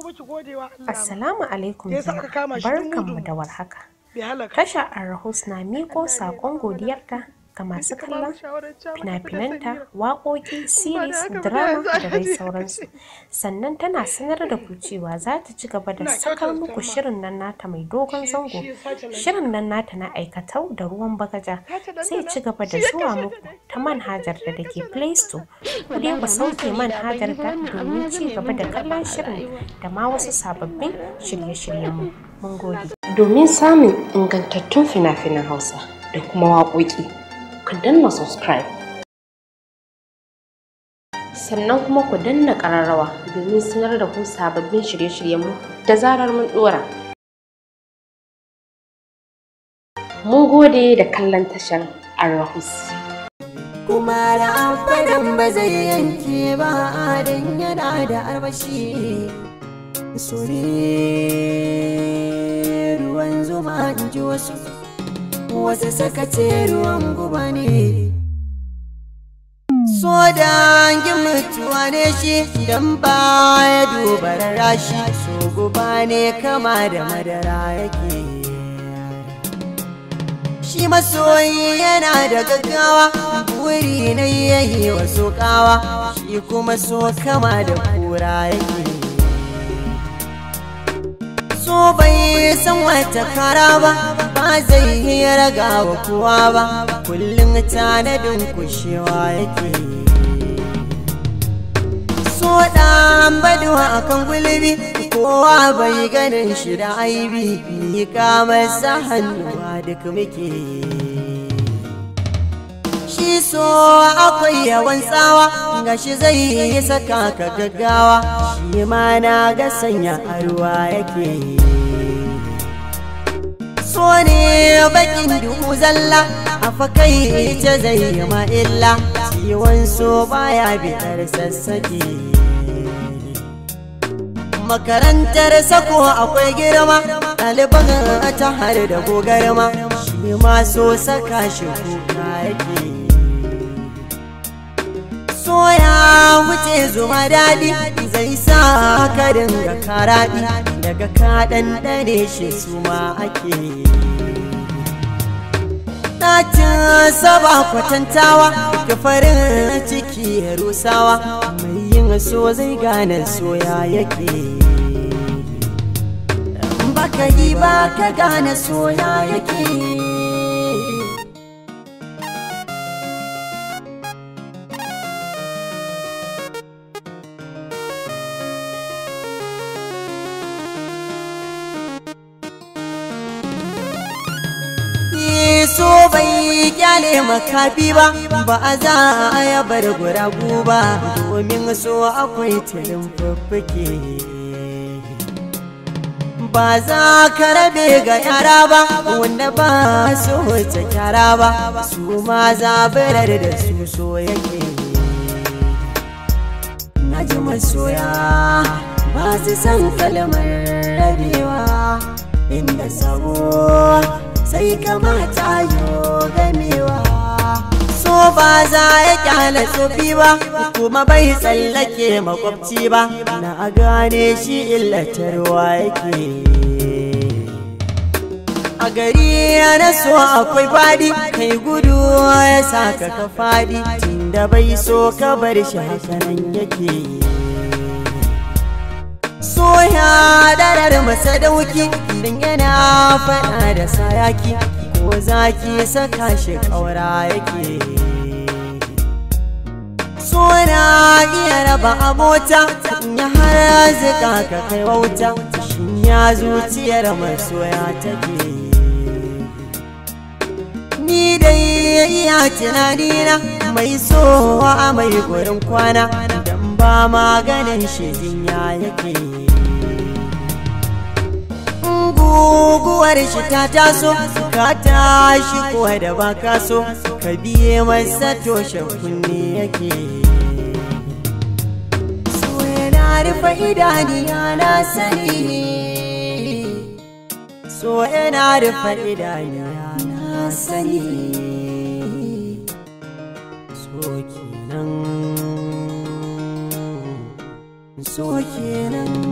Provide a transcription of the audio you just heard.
kuma alaikum gode barkan mu da warhaka tasha arahus na miko saƙon godiyarka ga masu kallon fina-finanta waƙoƙi series drama da dai sauransu sannan tana sanar da ku cewa za ta ci gaba da sakar muku shirin nan nata mai dogon zango shirin nan nata na aikatau da ruwan bagaja sai ci gaba da zuwa muku ta manhajar da ke play store ku dai sauke manhajar da domin ci gaba da kallon shirin da ma wasu sababbin shirye mu. mun gode domin samun ingantattun fina-finan hausa da kuma waƙoƙi ku danna subscribe sannan kuma ku danna ƙararrawa domin sanar da ku sababbin shirye-shiryenmu da zarar mun ɗora. Mu gode da kallon tashar Arahus. Kuma da amfanin ba zai yanke ba dan yana da armashi. Sore ruwan zuma in ji wasu wasu suka ce ruwan guba ne so da mutuwa ne shi don ba ya duba rashi so guba ne kama da madara yake shi masoyi yana da gaggawa buri na yayi wasu kawa shi kuma so kama da kura yake so bai san wata kara ba ba zai iya wa kowa ba kullum tanadin kushewa yake so ɗan baduwa akan gulbi kowa bai ganin shi da aibi ni ka masa hannuwa duk muke shi so akwai yawan tsawa ga shi zai yi saka ka gaggawa shi ma na ga sanya a ruwa yake so ne bakin duhu zalla a fakai ce zai yi ma illa ciwon so baya biyar sassaki makarantar sako akwai girma ɗaliban ta har da gogarma Ni ma so saka shi kuka yake Soya wuce zuma daɗi zai sa ka dinga karaɗi daga ka ɗanɗane shi suma ake Ɗacin saba kwatantawa ka farin ciki ya rusawa mai yin so zai gane soya yake baka yi ba ka gane soya yake yi kyale makafi ba ba a za a ya bar guragu ba domin so akwai tilin fuffuke ba za ka rabe ga yara ba wanda ba so ta kyara ba su ma zabirar da su so yake na ji masoya ba su san kalmar rabewa inda sabo sai kamata yo gamewa so ba za ya kyale tsofi ba kuma bai tsallake makwabci ba na gane shi illatarwa yake a gari na so akwai fadi kai gudu ya saka ka fadi tunda bai so ka bar shi hasanan yake yi. soya darar sadauki, din yana faɗa da sayaki ko zaki saka shi ƙaura yake suna iya raba abota ya har zika ka kai wauta shi ya zuciyar soya take ni dai iya tunanina mai sowa mai gurin kwana ba maganin shi jinya yake guguwar shi ta taso ka tashi kuwa da baka ka so ka biye masa toshe kunne yake so yana rufe idaniya na sani so yana rufe idaniya na sani 昨夜。